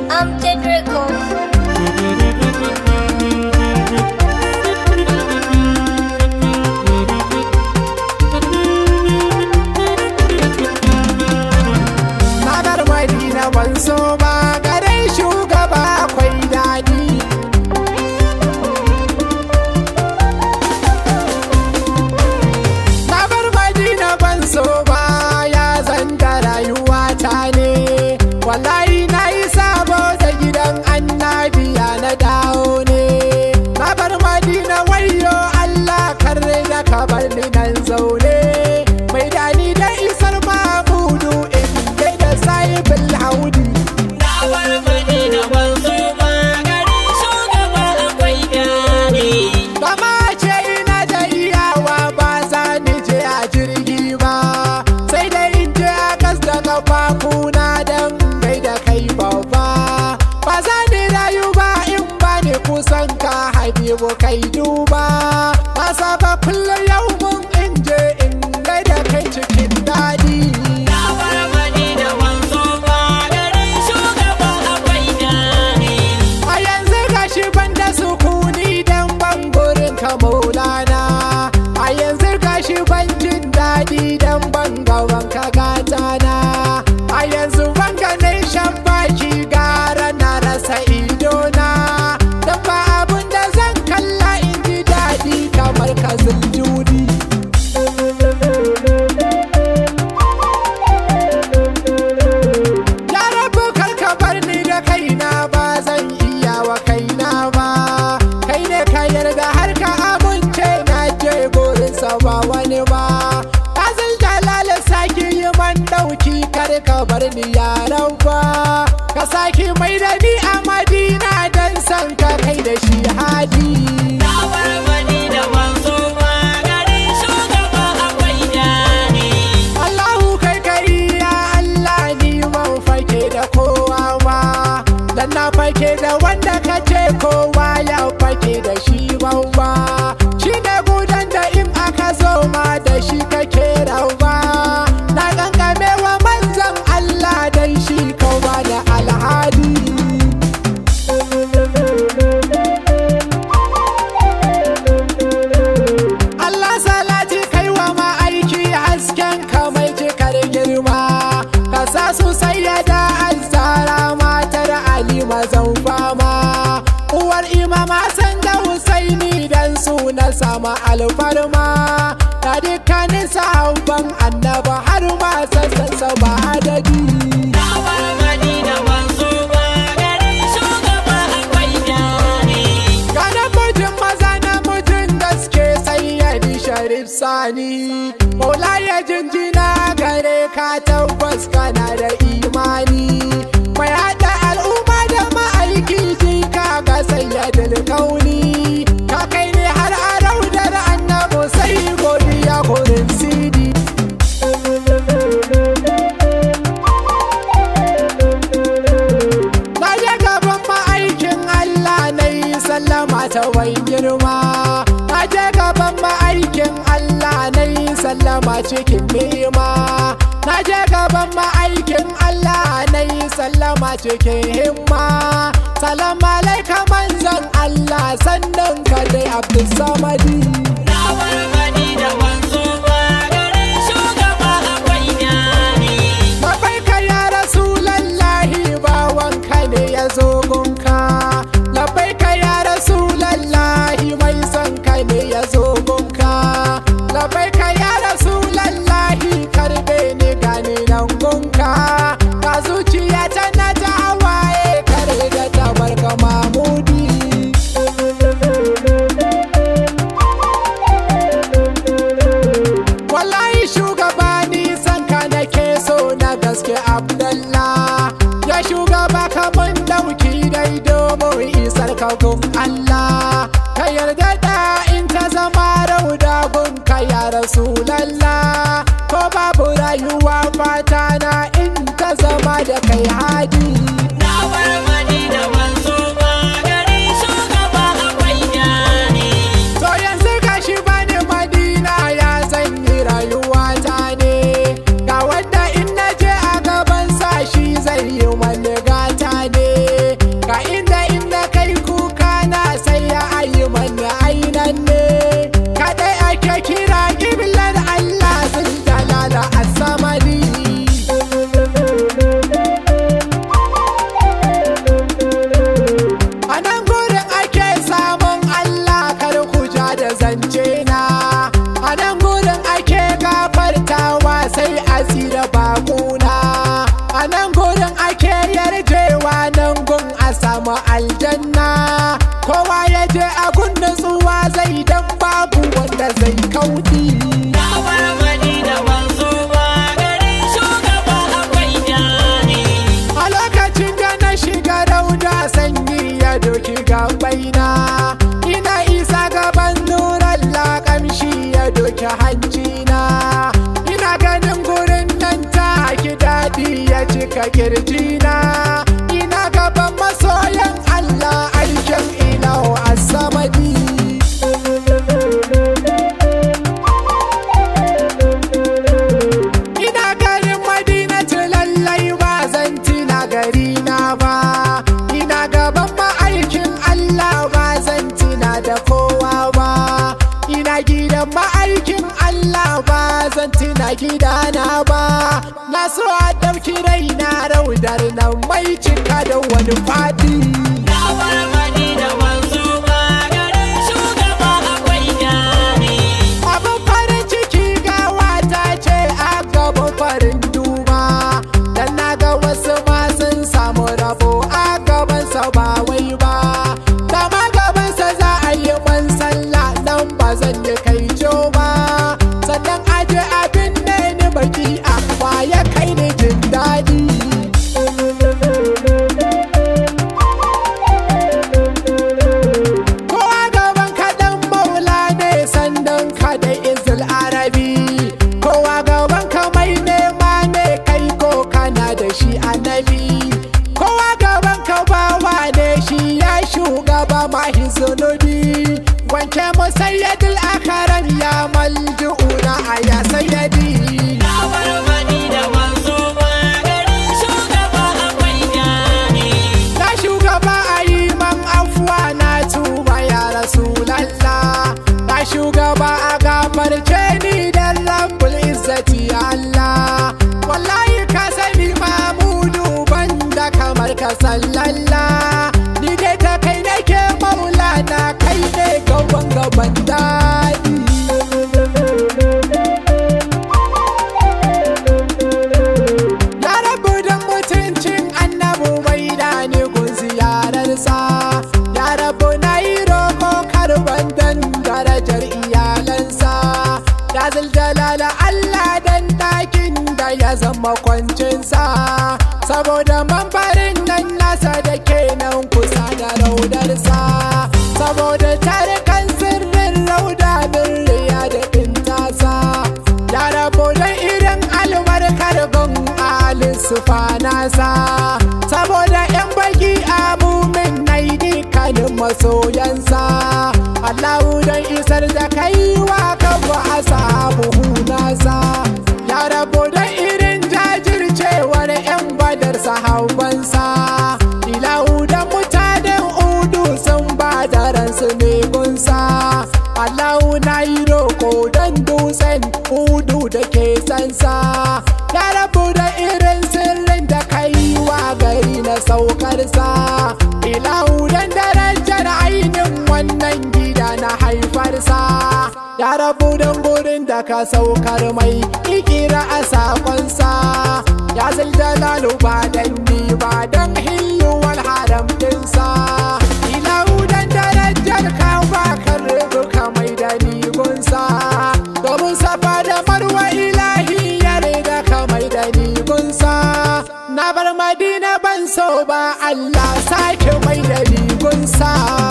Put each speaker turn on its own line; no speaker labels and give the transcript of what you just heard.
I'm Tedraco. na wayo sama alfarma da dukkanin sahabban annaba girma ta je gaban ma'aikin Allah na yi sallama cikin nema na je gaban ma'aikin Allah na yi sallama cikin himma salam alaika manzon Allah sannan ka dai Abdul shugaba ka da muke dai isar ka gun Allah ka yarda da in ta zama rauda gun ka ya rasulalla ko babu rayuwa fata na in ta zama da kai hadi rotina. ta na ba na so a ɗauki raina raudar nan mai cika da wani fadi ya ma hin zunubi wanke musayyadul akaram ya malji'una a yasa san makwancinsa saboda mambarin nan nasa da ke nan kusa da raudarsa saboda tarikan sirrin rauda birriya da tasa da rabo da irin albarkar gun alisu nasa saboda yan baki a mumin naidi kanin masoyansa Allahu don isar da kai sa ya rabu da irin sirrin da kai wa gari na saukarsa ilahudan darajar ainihin wannan gida na haifarsa ya rabu da gurin da ka saukar mai ikira a saƙonsa. ya zai da ba dan ni ba don hilluwar haram so ba Allah sake mai da rigunsa.